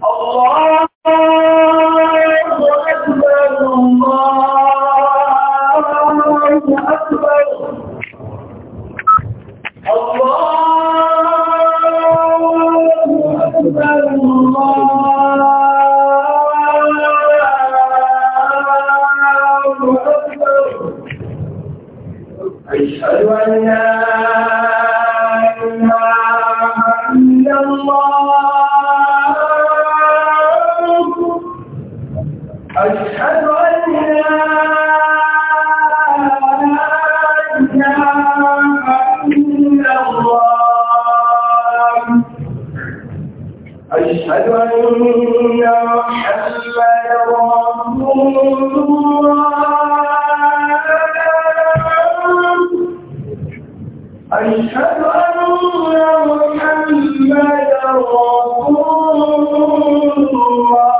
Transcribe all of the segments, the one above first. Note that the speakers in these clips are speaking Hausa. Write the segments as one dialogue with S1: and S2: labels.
S1: Allah أشهد أن لا إله إلا الله أشهد أن لا إله إلا الله أشهد أن رسول الله أشهد أن محمدا رسول الله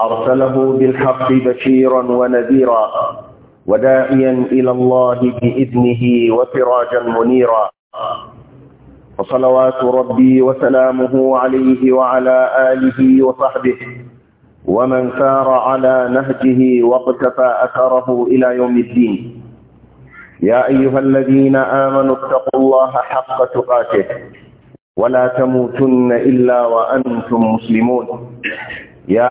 S2: أرسله بالحق بشيرا ونذيرا وداعيا إلى الله بإذنه وفراجا منيرا وصلوات ربي وسلامه عليه وعلى آله وصحبه ومن سار على نهجه واقتفى أثره إلى يوم الدين يا أيها الذين آمنوا اتقوا الله حق تقاته ولا تموتن إلا وأنتم مسلمون يا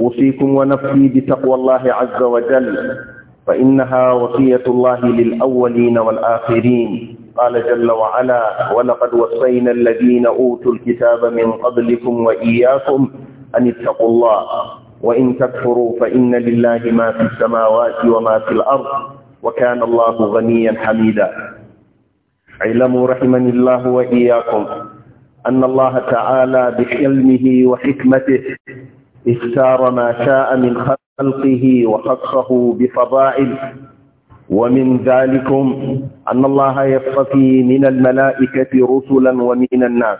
S2: أوصيكم ونفسي بتقوى الله عز وجل فإنها وصية الله للأولين والآخرين قال جل وعلا ولقد وصينا الذين أوتوا الكتاب من قبلكم وإياكم أن اتقوا الله وإن تكفروا فإن لله ما في السماوات وما في الأرض وكان الله غنيا حميدا اعلموا رحمني الله وإياكم أن الله تعالى بحلمه وحكمته اختار ما شاء من خلقه وخصه بفضائل ومن ذلكم أن الله يصطفي من الملائكة رسلا ومن الناس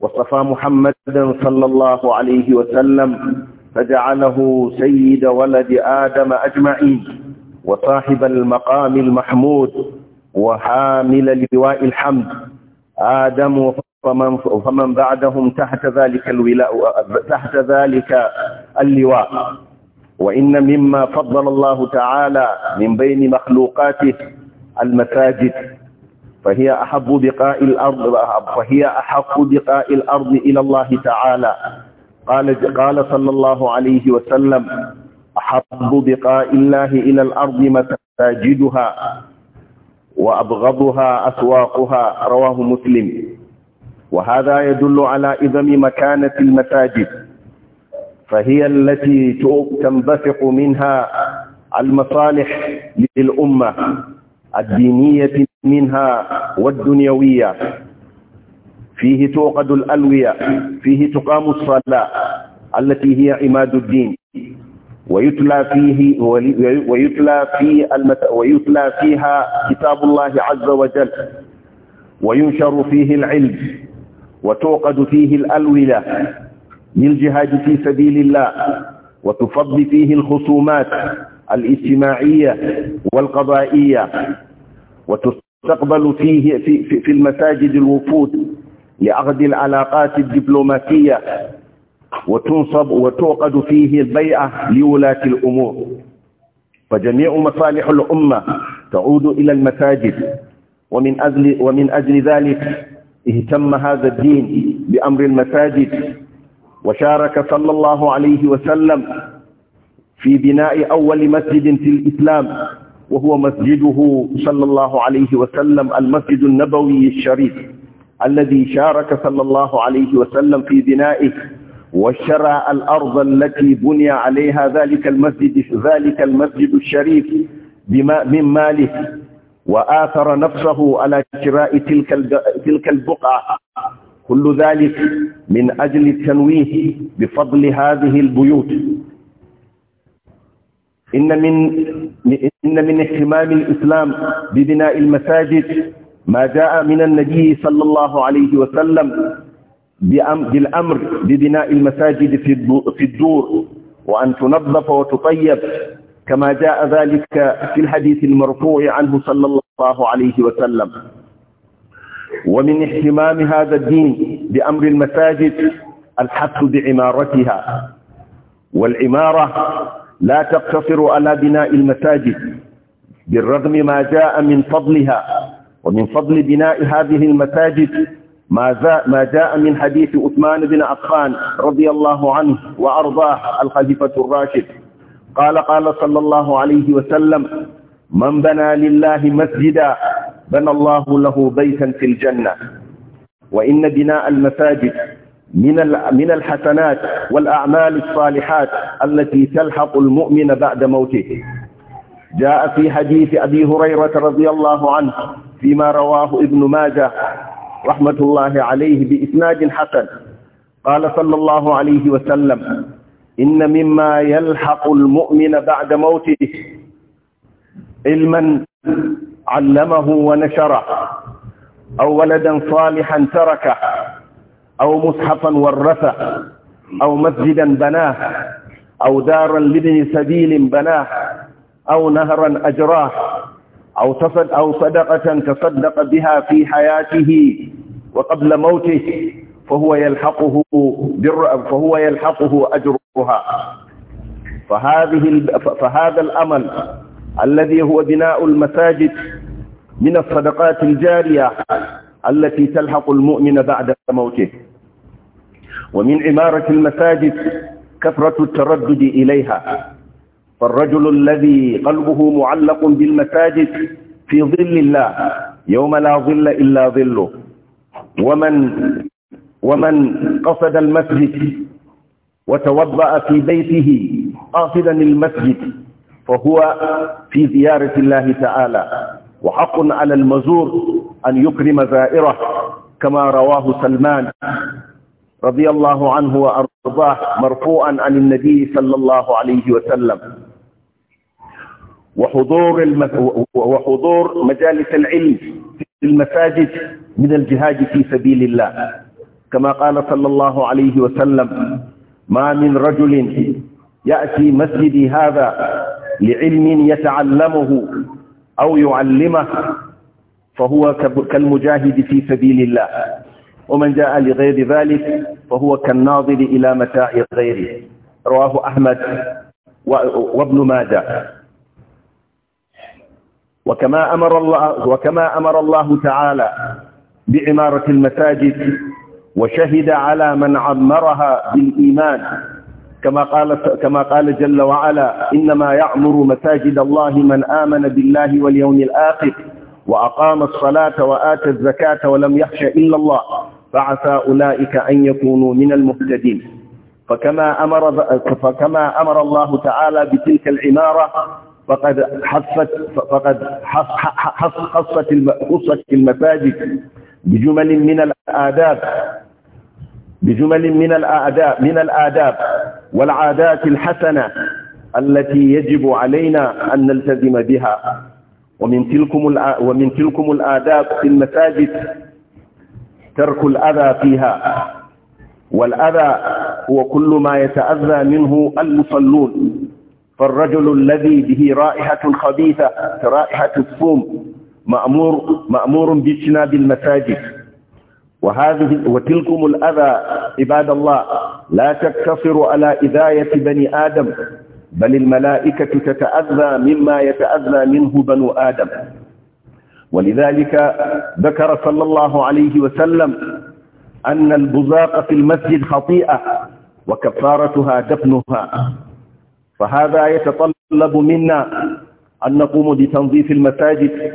S2: وصفى محمدا صلى الله عليه وسلم فجعله سيد ولد آدم أجمعين وصاحب المقام المحمود وحامل لواء الحمد آدم فمن, فمن بعدهم تحت ذلك الولاء تحت ذلك اللواء وإن مما فضل الله تعالى من بين مخلوقاته المساجد فهي أحب بقاء الأرض فهي أحق بقاء الأرض إلى الله تعالى قال قال صلى الله عليه وسلم أحب بقاء الله إلى الأرض مساجدها وأبغضها أسواقها رواه مسلم وهذا يدل على إذم مكانة المساجد فهي التي تنبثق منها المصالح للأمة الدينية منها والدنيوية فيه توقد الألوية فيه تقام الصلاة التي هي عماد الدين ويتلى فيه ويتلى في ويتلى فيها كتاب الله عز وجل وينشر فيه العلم وتوقد فيه الألولة للجهاد في سبيل الله وتفضي فيه الخصومات الاجتماعية والقضائية وتستقبل فيه في, في المساجد الوفود لعقد العلاقات الدبلوماسية وتنصب وتوقد فيه البيعة لولاة الأمور فجميع مصالح الأمة تعود إلى المساجد ومن أجل, ومن أجل ذلك اهتم هذا الدين بأمر المساجد وشارك صلى الله عليه وسلم في بناء أول مسجد في الإسلام وهو مسجده صلى الله عليه وسلم المسجد النبوي الشريف الذي شارك صلى الله عليه وسلم في بنائه وشرع الأرض التي بني عليها ذلك المسجد ذلك المسجد الشريف بما من ماله وآثر نفسه على شراء تلك تلك البقعة كل ذلك من أجل التنويه بفضل هذه البيوت إن من إن من اهتمام الإسلام ببناء المساجد ما جاء من النبي صلى الله عليه وسلم بالأمر ببناء المساجد في الدور وأن تنظف وتطيب كما جاء ذلك في الحديث المرفوع عنه صلى الله عليه وسلم ومن اهتمام هذا الدين بأمر المساجد الحث بعمارتها والعمارة لا تقتصر على بناء المساجد بالرغم ما جاء من فضلها ومن فضل بناء هذه المساجد ما جاء من حديث عثمان بن عفان رضي الله عنه وأرضاه الخليفة الراشد قال قال صلى الله عليه وسلم من بنى لله مسجدا بنى الله له بيتا في الجنة وإن بناء المساجد من من الحسنات والأعمال الصالحات التي تلحق المؤمن بعد موته جاء في حديث أبي هريرة رضي الله عنه فيما رواه ابن ماجه رحمة الله عليه بإسناد حسن قال صلى الله عليه وسلم إن مما يلحق المؤمن بعد موته علما علمه ونشره أو ولدا صالحا تركه أو مصحفا ورثه أو مسجدا بناه أو دارا لابن سبيل بناه أو نهرا أجراه أو, أو صدقة تصدق بها في حياته وقبل موته فهو يلحقه بر فهو يلحقه أجرها فهذه فهذا الأمل الذي هو بناء المساجد من الصدقات الجارية التي تلحق المؤمن بعد موته ومن عمارة المساجد كثرة التردد إليها فالرجل الذي قلبه معلق بالمساجد في ظل الله يوم لا ظل إلا ظله ومن ومن قصد المسجد وتوضأ في بيته قاصدا المسجد فهو في زيارة الله تعالى وحق على المزور أن يكرم زائره كما رواه سلمان رضي الله عنه وأرضاه مرفوعا عن النبي صلى الله عليه وسلم وحضور, وحضور مجالس العلم المساجد من الجهاد في سبيل الله كما قال صلى الله عليه وسلم ما من رجل يأتي مسجدي هذا لعلم يتعلمه أو يعلمه فهو كالمجاهد في سبيل الله ومن جاء لغير ذلك فهو كالناظر إلى متاع غيره رواه أحمد وابن ماجه وكما أمر الله, وكما أمر الله تعالى بعمارة المساجد وشهد على من عمرها بالإيمان كما قال, كما قال جل وعلا إنما يعمر مساجد الله من آمن بالله واليوم الآخر وأقام الصلاة وآتى الزكاة ولم يخش إلا الله فعسى أولئك أن يكونوا من المهتدين فكما أمر, فكما أمر الله تعالى بتلك العمارة فقد حصت فقد حص حصت خصت المساجد بجمل من الآداب بجمل من الآداب من الآداب والعادات الحسنة التي يجب علينا أن نلتزم بها ومن تلكم ومن تلكم الآداب في المساجد ترك الأذى فيها والأذى هو كل ما يتأذى منه المصلون فالرجل الذي به رائحة خبيثة كرائحة الثوم مأمور, مأمور باجتناب المساجد وهذه وتلكم الأذى عباد الله لا تقتصر على إذاية بني آدم بل الملائكة تتأذى مما يتأذى منه بنو آدم ولذلك ذكر صلى الله عليه وسلم أن البزاق في المسجد خطيئة وكفارتها دفنها فهذا يتطلب منا أن نقوم بتنظيف المساجد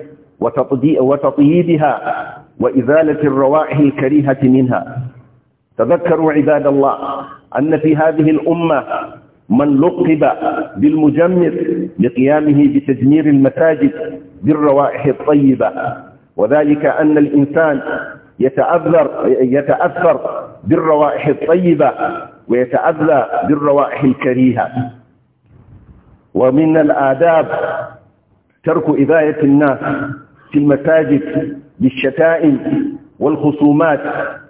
S2: وتطييبها وإزالة الروائح الكريهة منها تذكروا عباد الله أن في هذه الأمة من لقب بالمجمر لقيامه بتجمير المساجد بالروائح الطيبة وذلك أن الإنسان يتأثر, يتأثر بالروائح الطيبة ويتأذى بالروائح الكريهة ومن الآداب ترك إذاية الناس في المساجد بالشتائم والخصومات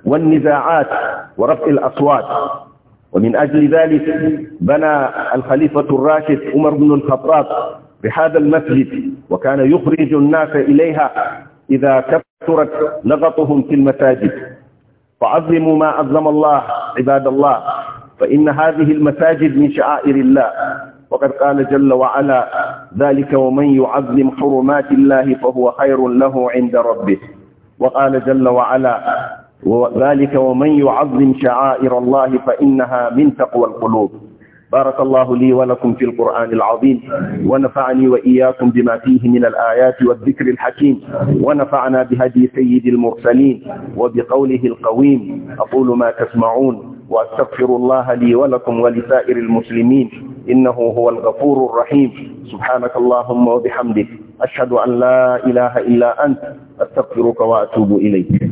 S2: والنزاعات ورفع الأصوات ومن أجل ذلك بنى الخليفة الراشد عمر بن الخطاب بهذا المسجد وكان يخرج الناس إليها إذا كثرت لغطهم في المساجد فعظموا ما عظم الله عباد الله فإن هذه المساجد من شعائر الله وقد قال جل وعلا ذلك ومن يعظم حرمات الله فهو خير له عند ربه وقال جل وعلا ذلك ومن يعظم شعائر الله فإنها من تقوى القلوب بارك الله لي ولكم في القرآن العظيم ونفعني وإياكم بما فيه من الآيات والذكر الحكيم ونفعنا بهدي سيد المرسلين وبقوله القويم أقول ما تسمعون وأستغفر الله لي ولكم ولسائر المسلمين إنه هو الغفور الرحيم سبحانك اللهم وبحمدك أشهد أن لا إله إلا أنت أستغفرك وأتوب إليك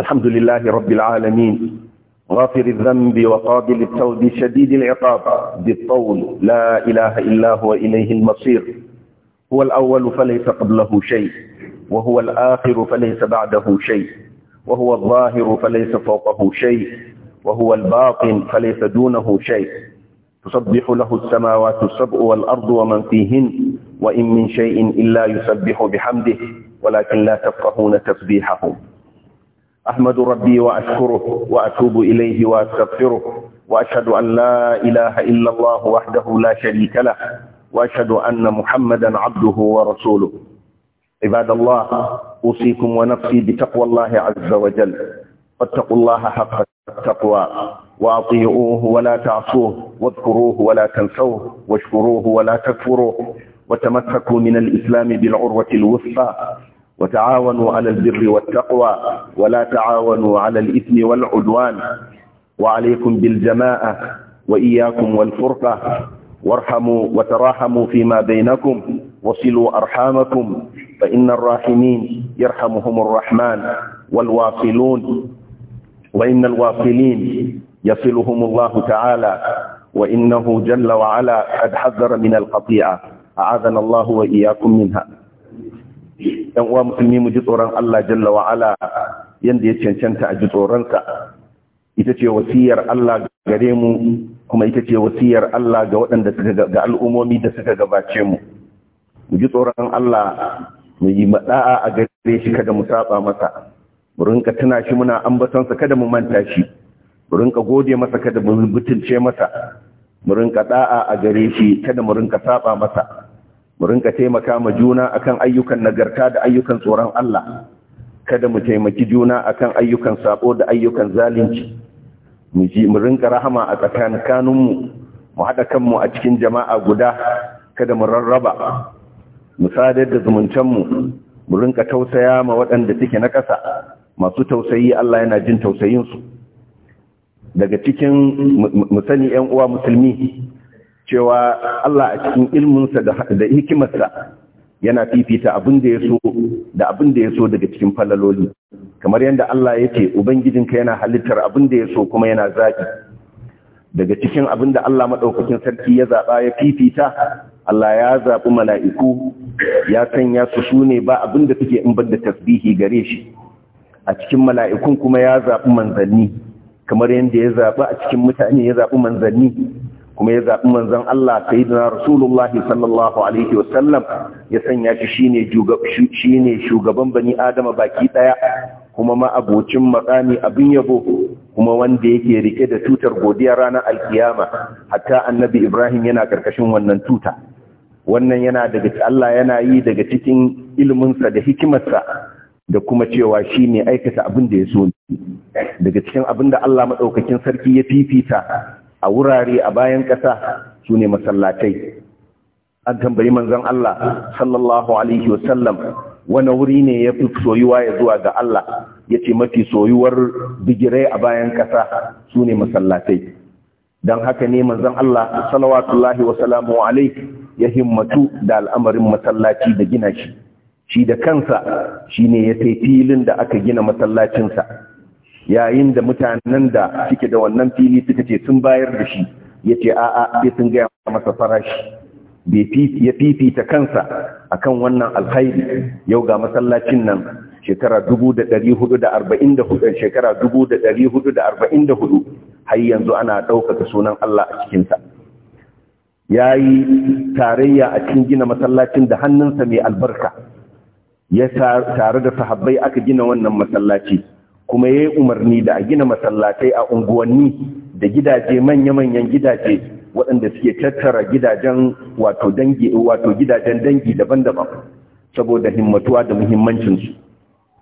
S2: الحمد لله رب العالمين غافر الذنب وقابل التوب شديد العقاب بالطول لا إله إلا هو إليه المصير هو الأول فليس قبله شيء وهو الآخر فليس بعده شيء وهو الظاهر فليس فوقه شيء وهو الباطن فليس دونه شيء تسبح له السماوات السبع والأرض ومن فيهن وإن من شيء إلا يسبح بحمده ولكن لا تفقهون تسبيحهم أحمد ربي وأشكره وأتوب إليه وأستغفره وأشهد أن لا إله إلا الله وحده لا شريك له وأشهد أن محمدا عبده ورسوله عباد الله أوصيكم ونفسي بتقوى الله عز وجل واتقوا الله حق التقوى وأطيعوه ولا تعصوه واذكروه ولا تنسوه واشكروه ولا تكفروه وتمسكوا من الإسلام بالعروة الوثقى وتعاونوا على البر والتقوى ولا تعاونوا على الإثم والعدوان وعليكم بالجماعة وإياكم والفرقة وارحموا وتراحموا فيما بينكم وصلوا أرحامكم فإن الراحمين يرحمهم الرحمن والواصلون وإن الواصلين يصلهم الله تعالى وإنه جل وعلا قد حذر من القطيعة أعاذنا الله وإياكم منها ɗan uwa musulmi mu ji tsoron Allah jalla wa ala yanda ya cancanta a ji tsoronsa ita ce wasiyar Allah gare mu kuma ita ce wasiyar Allah ga waɗanda suka ga al'umomi da suka gabace mu mu ji tsoron Allah mu yi mada'a a gare shi kada mu saba masa mu rinka tuna shi muna ambatonsa kada mu manta shi mu rinka gode masa kada mu butulce masa mu rinka da'a a gare shi kada mu rinka saba masa mu rinka taimaka ma juna akan ayyukan nagarta da ayyukan tsoron Allah kada mu taimaki juna akan ayyukan sako da ayyukan zalunci mu ji mu rinka rahama a kanunmu mu haɗa kanmu a cikin jama'a guda kada mu rarraba mu sadar da zumuncen mu rinka tausaya ma waɗanda suke na ƙasa masu tausayi Allah yana jin tausayin su. daga cikin mu sani 'yan uwa musulmi cewa Allah a cikin ilminsa da hikimarsa yana fifita abin da ya so da abin da ya so daga cikin falaloli kamar yadda Allah ya ce ubangijinka yana halittar abin da ya so kuma yana zaki daga cikin abin da Allah maɗaukakin sarki ya zaɓa ya fifita Allah ya zaɓi mala'iku ya sanya su su ne ba abin da suke in da tasbihi gare shi a cikin mala'ikun kuma ya zaɓi manzanni kamar yadda ya zaɓi a cikin mutane ya zaɓi manzanni kuma ya zaɓi manzon Allah sayyidina rasulullahi sallallahu alaihi wasallam ya sanya shi shine ne shugaban bani adama baki ɗaya, kuma ma abocin makami abin yabo kuma wanda yake rike da tutar godiya ranar alkiyama hatta annabi Ibrahim yana karkashin wannan tuta wannan yana daga Allah yana yi daga cikin ilminsa da hikimarsa da kuma cewa shi ne aikata abin da ya so daga cikin abin da Allah maɗaukakin sarki ya fifita a wurare a bayan ƙasa su ne masallatai an tambayi manzon Allah sallallahu alaihi wasallam wani wuri ne ya fi soyuwa ya zuwa ga Allah ya ce mafi soyuwar bigirai a bayan ƙasa su ne masallatai don haka ne manzon Allah salawatullahi wasalamu alaihi ya himmatu da al'amarin masallaci da gina shi shi da kansa shi ne ya sai filin da aka gina masallacinsa yayin da mutanen da suke da wannan fili suka ce sun bayar da shi ya ce a'a sai sun gaya masa farashi ya fifita kansa a kan wannan alkhairi yau ga masallacin nan shekara 444 shekara 444 har yanzu ana ɗaukaka sunan Allah a cikinsa ya yi tarayya a cikin gina masallacin da hannunsa mai albarka ya tare da sahabbai aka gina wannan masallaci kuma ya yi umarni da a gina masallatai a unguwanni da gidaje manya-manyan gidaje waɗanda suke tattara gidajen wato dangi wato gidajen dangi daban-daban saboda himmatuwa da muhimmancinsu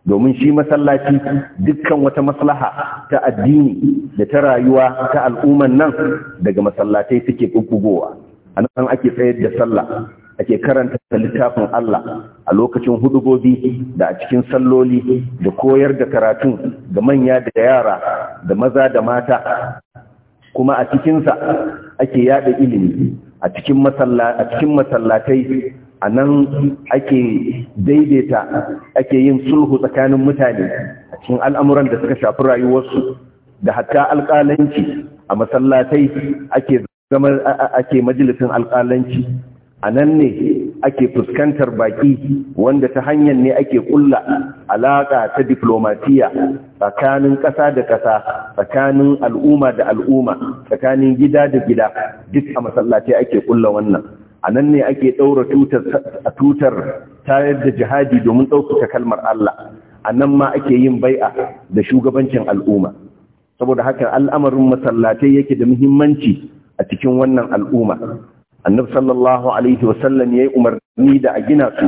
S2: domin shi masallaci dukkan wata maslaha ta addini da ta rayuwa ta al'umman nan daga masallatai suke bubbugowa a nan ake tsayar da sallah ake karanta littafin Allah a lokacin hudubobi da a cikin salloli da koyar da karatun ga manya da yara da maza da mata kuma a cikinsa ake yada ilimi a cikin masallatai a nan ake daidaita ake yin sulhu tsakanin mutane a cikin al'amuran da suka shafi rayuwarsu da hatta alƙalanci a masallatai ake zama ake majalisin alƙalanci a nan ne ake fuskantar baki wanda ta hanyar ne ake kulla alaƙa ta diplomatiya tsakanin ƙasa da ƙasa tsakanin al'umma da al'umma tsakanin gida da gida duk a masallaci ake kulla wannan a nan ne ake ɗaura tutar tayar da jihadi domin ɗaukaka kalmar Allah a nan ma ake yin bai'a da shugabancin al'umma saboda haka al'amarin masallatai yake da muhimmanci a cikin wannan al'umma annabi sallallahu alaihi wasallam ya yi umarni da a gina su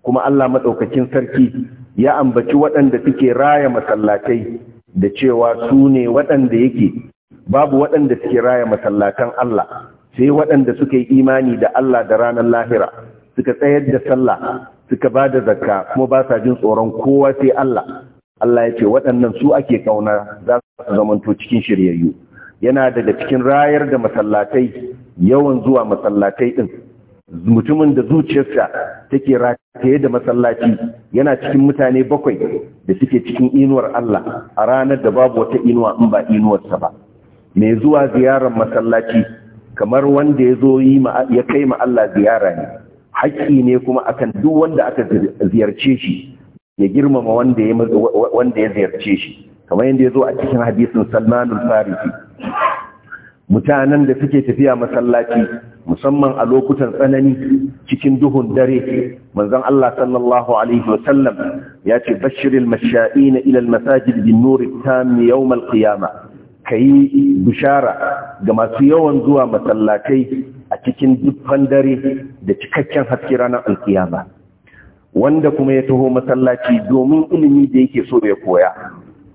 S2: kuma Allah maɗaukacin sarki ya ambaci waɗanda suke raya masallatai da cewa su ne waɗanda yake babu waɗanda suke raya masallatan Allah sai waɗanda suka yi imani da Allah da ranar lahira suka tsayar da sallah suka ba da zakka kuma ba sa jin tsoron kowa sai Allah Allah ya ce waɗannan su ake kauna za su zamanto cikin shiryayyu yana daga cikin rayar da masallatai yawan zuwa masallatai ɗin, mutumin da zuciyarsa take rataye da masallaci yana cikin mutane bakwai da suke cikin inuwar Allah a ranar da babu wata inuwa in ba inuwarsa ba mai zuwa ziyarar masallaci kamar wanda ya zo ya kai ma Allah ziyara ne haƙƙi ne kuma akan duk wanda aka ziyarce shi ya girmama wanda ya ziyarce shi kamar yadda ya zo a cikin hadisin salmanul farisi mutanen da suke tafiya masallaci musamman a lokutan tsanani cikin duhun dare manzon Allah sallallahu alaihi wasallam ya ce bashiril masha'ina ila masajid bin nuri tam yawm alqiyama kai bishara ga masu yawan zuwa masallacai a cikin dukkan dare da cikakken haske ranar alkiyama wanda kuma ya taho masallaci domin ilimi da yake so ya koya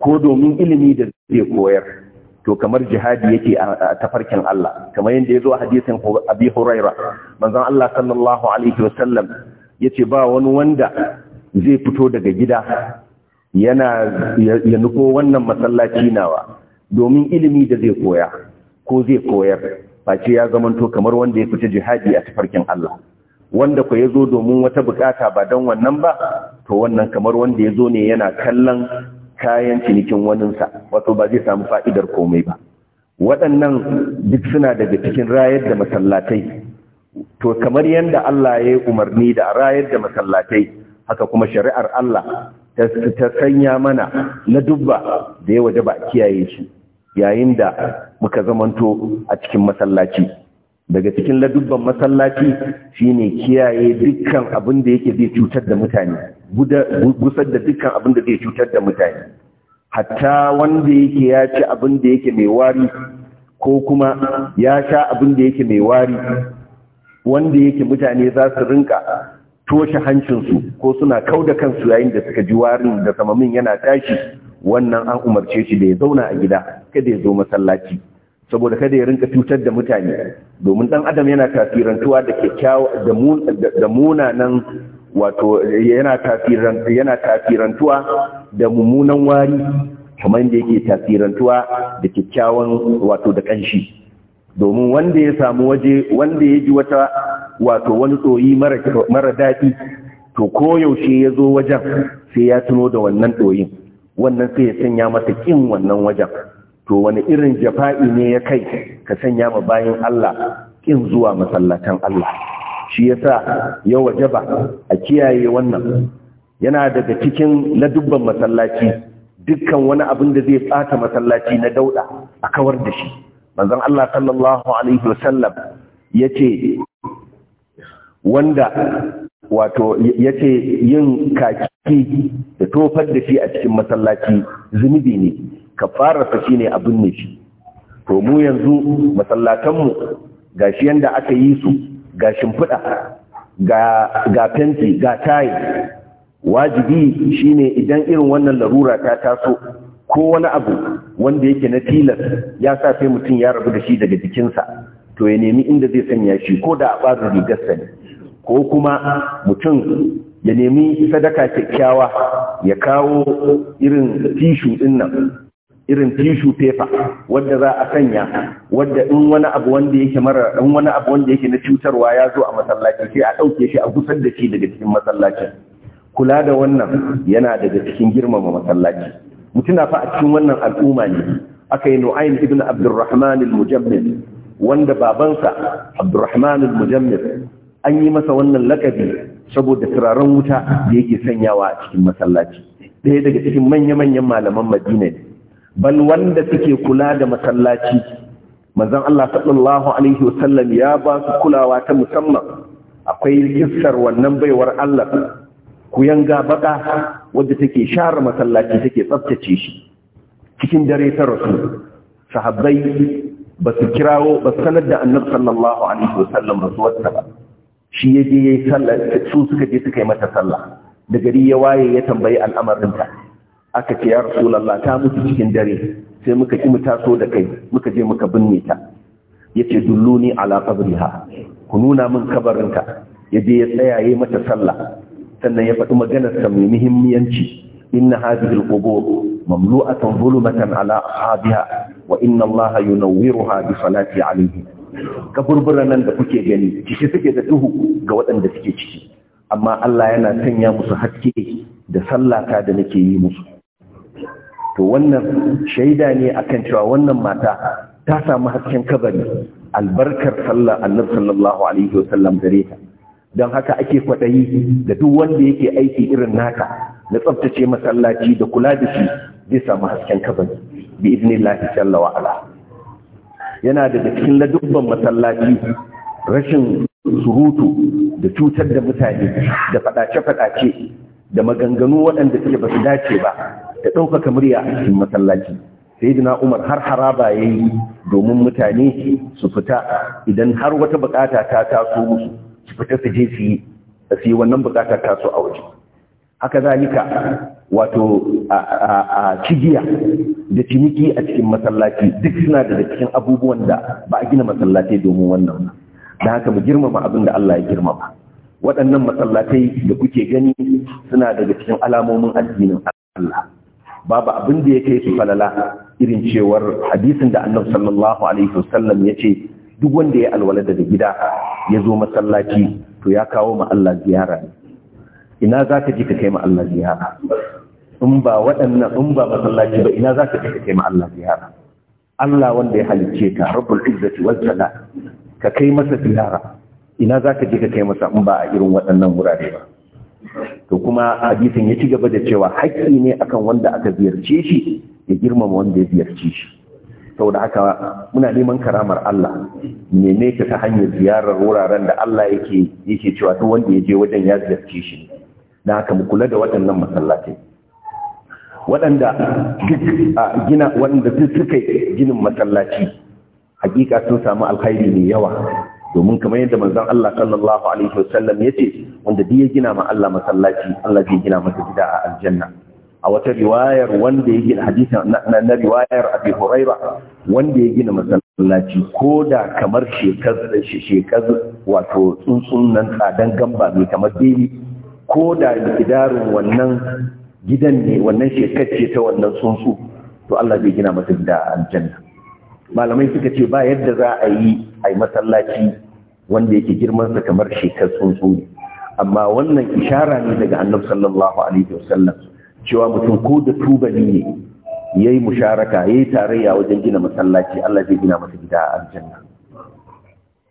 S2: ko domin ilimi da zai koyar to kamar jihadi yake a tafarkin Allah kamar yadda ya zo a hadisin abi huraira manzon Allah sallallahu alaihi wasallam yace ba wani wanda zai fito daga gida yana ya nuko wannan masallaci nawa domin ilimi da zai koya ko zai koyar face ya zamanto kamar wanda ya fita jihadi a tafarkin Allah wanda ko ya zo domin wata bukata ba dan wannan ba to wannan kamar wanda ya zo ne yana kallon kayan cinikin waninsa wato ba zai samu fa'idar komai ba waɗannan duk suna daga cikin rayar da masallatai to kamar yadda Allah ya yi umarni da rayar da masallatai haka kuma shari'ar Allah ta sanya mana na dubba da ya waje ba kiyaye shi yayin da muka zamanto a cikin masallaci daga cikin ladubban masallaci shine kiyaye dukkan abin da yake zai cutar da mutane gusar da dukkan abin da zai cutar da mutane hatta wanda yake ya ci abin da yake mai wari ko kuma ya sha abin da yake mai wari wanda yake mutane za su rinka toshe hancinsu ko suna kau da kansu yayin da suka ji warin da samamin yana tashi wannan an umarce shi da ya zauna a gida kada ya zo masallaci saboda kada ya rinka cutar da mutane domin ɗan adam yana tasirantuwa da kyakkyawa da munanan wato yana tafiran tafirantuwa da mummunan wari kamar da yake tafirantuwa da kyakkyawan wato da kanshi domin wanda ya samu waje wanda ya ji wata wato wani tsoyi mara daɗi to koyaushe ya zo wajen sai ya tuno da wannan tsoyin wannan sai ya sanya masa ƙin wannan wajen to wani irin jafa'i ne ya kai ka sanya ma bayan Allah ƙin zuwa masallatan Allah shi ya yasa ya ba, a kiyaye wannan yana daga cikin ladubban masallaci dukkan wani abin da zai tsata masallaci na dauda a kawar da shi manzon Allah sallallahu alaihi wasallam yace wanda wato yace yin kaki da tofar da shi a cikin masallaci zunubi ne kafararsa shine abin ne shi to mu yanzu masallatanmu gashi yanda aka yi su ga shimfiɗa ga fenti ga tayi wajibi shine idan irin wannan larura ta taso ko wani abu wanda yake na tilas ya sa sai mutum ya rabu da shi daga jikinsa to ya nemi inda zai sanya shi ko da a ɓarin rigarsa ne ko kuma mutum ya nemi sadaka kyakkyawa ya kawo irin tishu ɗin irin tishu paper wadda za a sanya wadda in wani abu wanda yake mara in wani abu wanda yake na cutarwa ya zo a masallaci sai a ɗauke shi a gusar da shi daga cikin masallacin kula da wannan yana daga cikin girmama masallaci mutuna fa a cikin wannan al'umma ne aka yi nu'ayn ibn abdurrahman al-mujammil wanda babansa abdurrahman al-mujammil an yi masa wannan lakabi saboda turaren wuta da yake sanyawa a cikin masallaci ɗaya daga cikin manya-manyan malaman madina ne bal wanda suke kula da masallaci manzon Allah sallallahu alaihi wasallam ya ba su kulawa ta musamman akwai kissar wannan baiwar Allah kuyanga baka wanda take share masallaci take tsaftace shi cikin dare ta rasu sahabbai ba su kirawo ba sanar da annabi sallallahu alaihi wasallam rasuwarsa ba shi yaje ya yi sallah su suka je suka yi mata sallah da gari ya waye ya tambayi al'amarinta aka ce ya rasulallah ta mutu cikin dare sai muka ki mu da kai muka je muka binne ta yace dulluni ala qabriha ku nuna min kabarinta ya je ya tsaya yayi mata sallah sannan ya faɗi maganar sa mai muhimmanci inna hadhihi alqubur mamlu'atan zulmatan ala ashabiha wa inna allaha yunawwiruha bi salati alayhi kaburburan nan da kuke gani ciki suke da duhu ga waɗanda suke ciki amma Allah yana sanya musu haske da sallata da nake yi musu to wannan shaida ne akan cewa wannan mata ta samu hasken kabari albarkar sallar annabi sallallahu alaihi wasallam gare ta don haka ake kwaɗayi da duk wanda yake aiki irin naka na tsabtace masallaci da kula da shi zai samu hasken kabari bi idnillahi jalla ala yana da cikin ladubban masallaci rashin surutu da cutar da mutane da faɗace-faɗace da maganganu waɗanda suke ba su dace ba da ɗaukaka murya a cikin masallaci sai umar har haraba ya yi domin mutane su fita idan har wata bukata ta taso musu su fita su je su yi a su yi wannan bukata taso a waje haka zalika wato a cigiya da ciniki a cikin masallaci duk suna daga cikin abubuwan da ba a gina masallatai domin wannan da haka mu girmama abin da Allah ya girmama waɗannan masallatai da kuke gani suna daga cikin alamomin addinin Allah babu abin da ya kai su falala irin cewar hadisin da annabi sallallahu alaihi wasallam ya ce duk wanda ya alwala daga gida ya zo masallaci to ya kawo ma Allah ziyara ina za ka ji ka kai ma Allah ziyara in ba waɗannan in ba masallaci ba ina za ka ji ka kai ma Allah ziyara Allah wanda ya halicce ka rabbul izzati wal jalal ka kai masa ziyara ina za ka ji ka kai masa in ba a irin waɗannan wurare ba to kuma hadisin ya ci gaba da cewa haƙƙi ne akan wanda aka ziyarce shi ya girmama wanda ya ziyarce shi saboda haka muna neman karamar Allah neme ta ta hanyar ziyarar wuraren da Allah yake yake cewa duk wanda ya je wajen ya ziyarce shi dan haka mu kula da waɗannan masallatai waɗanda duk a gina waɗanda suka ginin masallaci hakika sun samu alkhairi mai yawa domin kamar yadda manzon Allah sallallahu alaihi wasallam yace wanda duk ya gina ma Allah masallaci Allah zai gina masa gida a aljanna a wata riwayar wanda ya gina hadisi na riwayar Abi Huraira wanda ya gina masallaci ko da kamar shekaz, shekaz, wato tsuntsun nan tsadan gamba mai kamar dai ko da gidarun wannan gidan ne wannan shekacce ta wannan tsuntsu to Allah zai gina masa gida a aljanna malamai suka ce ba yadda za a yi a yi masallaci wanda yake girmansa kamar shekar tsuntsu ne amma wannan ishara ne daga annabi sallallahu alaihi wasallam cewa mutum ko da tubali ne yayi musharaka yayi tarayya wajen gina masallaci Allah zai gina masa gida a aljanna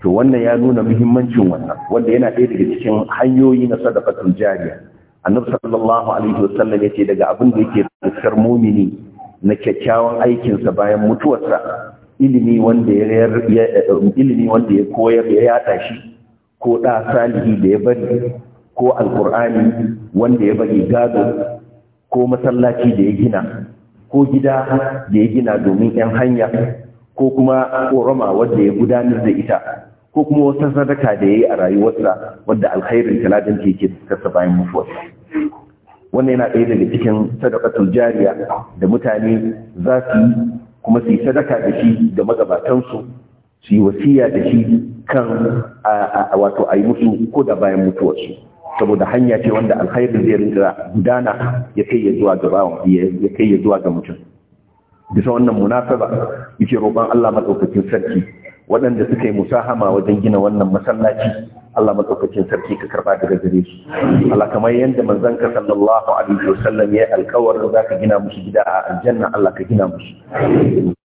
S2: to wannan ya nuna muhimmancin wannan wanda yana ɗaya daga cikin hanyoyi na sadaqatul jariya annabi sallallahu alaihi wasallam yace daga abin da yake fuskar mumini na kyakkyawan aikinsa bayan mutuwarsa ilimi wanda ya ilimi wanda ya koyar ya yada shi ko da salihi da ya bari ko alkur'ani wanda ya bari gado ko masallaci da ya gina ko gida da ya gina domin 'yan hanya ko kuma korama wadda ya gudanar da ita ko kuma wata sadaka da ya yi a rayuwarsa wadda alkhairin taladin ke ke kasa bayan mutuwarsa wannan yana ɗaya daga cikin sadakatul jariya da mutane za su yi kuma su yi sadaka da shi da magabatansu su yi wasiya da shi kan wato a yi musu ko da bayan mutuwarsu saboda hanya ce wanda alkhairin zai rinka gudana ya kai ya zuwa ga bawon ya kai ya zuwa ga mutum bisa wannan munasaba yake roƙon Allah madaukakin sarki waɗanda suka yi musahama wajen gina wannan masallaci Allah madaukakin sarki ka karba daga gare su Allah kamar yanda manzon ka sallallahu alaihi wasallam ya alƙawarin zaka gina musu gida a aljanna Allah ka gina musu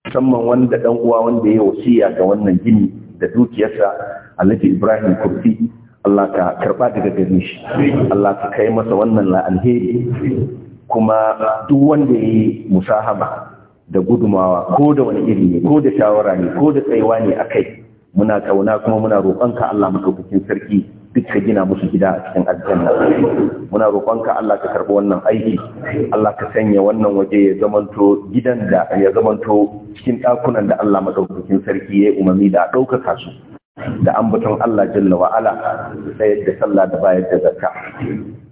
S2: musamman wanda dan uwa wanda ya wasiya ga wannan gini da dukiyarsa Alhaji Ibrahim Kurfi Allah ka karba daga gare shi Allah ka kai masa wannan la alheri kuma duk wanda yayi musahaba da gudumawa ko da wani iri ne ko da shawara ne ko da tsayuwa ne akai muna kauna kuma muna roƙonka Allah madaukakin sarki duk ka gina musu gida a cikin aljanna muna roƙonka Allah ka karɓi wannan aiki Allah ka sanya wannan waje ya zamanto gidan da ya zamanto cikin ɗakunan da Allah madaukakin sarki ya yi umarni da ɗaukaka su da ambaton Allah jalla wa'ala da sallah da bayar da zakka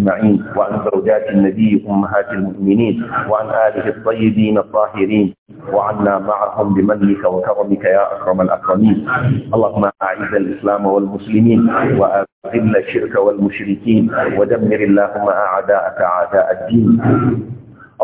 S2: أجمعين وعن زوجات النبي أمهات المؤمنين وعن آله الطيبين الطاهرين وعنا معهم بمنك وكرمك يا أكرم الأكرمين اللهم أعز الإسلام والمسلمين وأذل الشرك والمشركين ودمر اللهم أعداءك أعداء الدين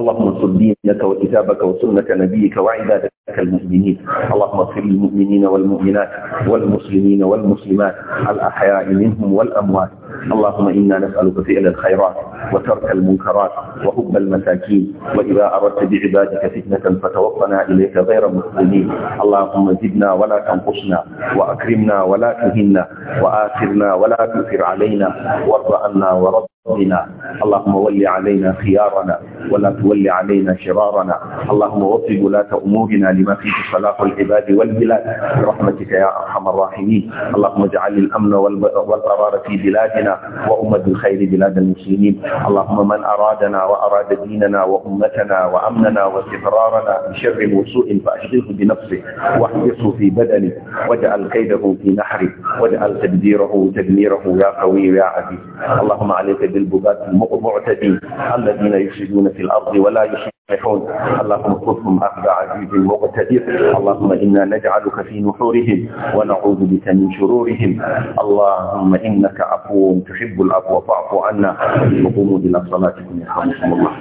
S2: اللهم انصر دينك وكتابك وسنة نبيك وعبادك المؤمنين اللهم اغفر للمؤمنين والمؤمنات والمسلمين والمسلمات الأحياء منهم والأموات اللهم إنا نسألك فعل الخيرات وترك المنكرات وحب المساكين وإذا أردت بعبادك فتنة فتوفنا إليك غير مسلمين اللهم زدنا ولا تنقصنا وأكرمنا ولا تهنا وآثرنا ولا تؤثر علينا وارض عنا ورد بنا اللهم ول علينا خيارنا ولا تول علينا شرارنا اللهم وفق ولاة أمورنا لما فيه صلاح العباد والبلاد برحمتك يا أرحم الراحمين اللهم اجعل الأمن والقرار في بلادنا وأمة الخير بلاد المسلمين اللهم من أرادنا وأراد ديننا وأمتنا وأمننا واستقرارنا بشر وسوء فأشغله بنفسه واحبسه في بدنه واجعل كيده في نحره واجعل تدبيره تدميره يا قوي يا عزيز اللهم عليك ذي البغاة المعتدين الذين يفسدون في الأرض ولا يصلحون اللهم اكفهم أخذ عزيز مقتدر اللهم إنا نجعلك في نحورهم ونعوذ بك من شرورهم
S1: اللهم إنك عفو تحب العفو فاعف عنا وقوموا إلى صلاتكم يرحمكم الله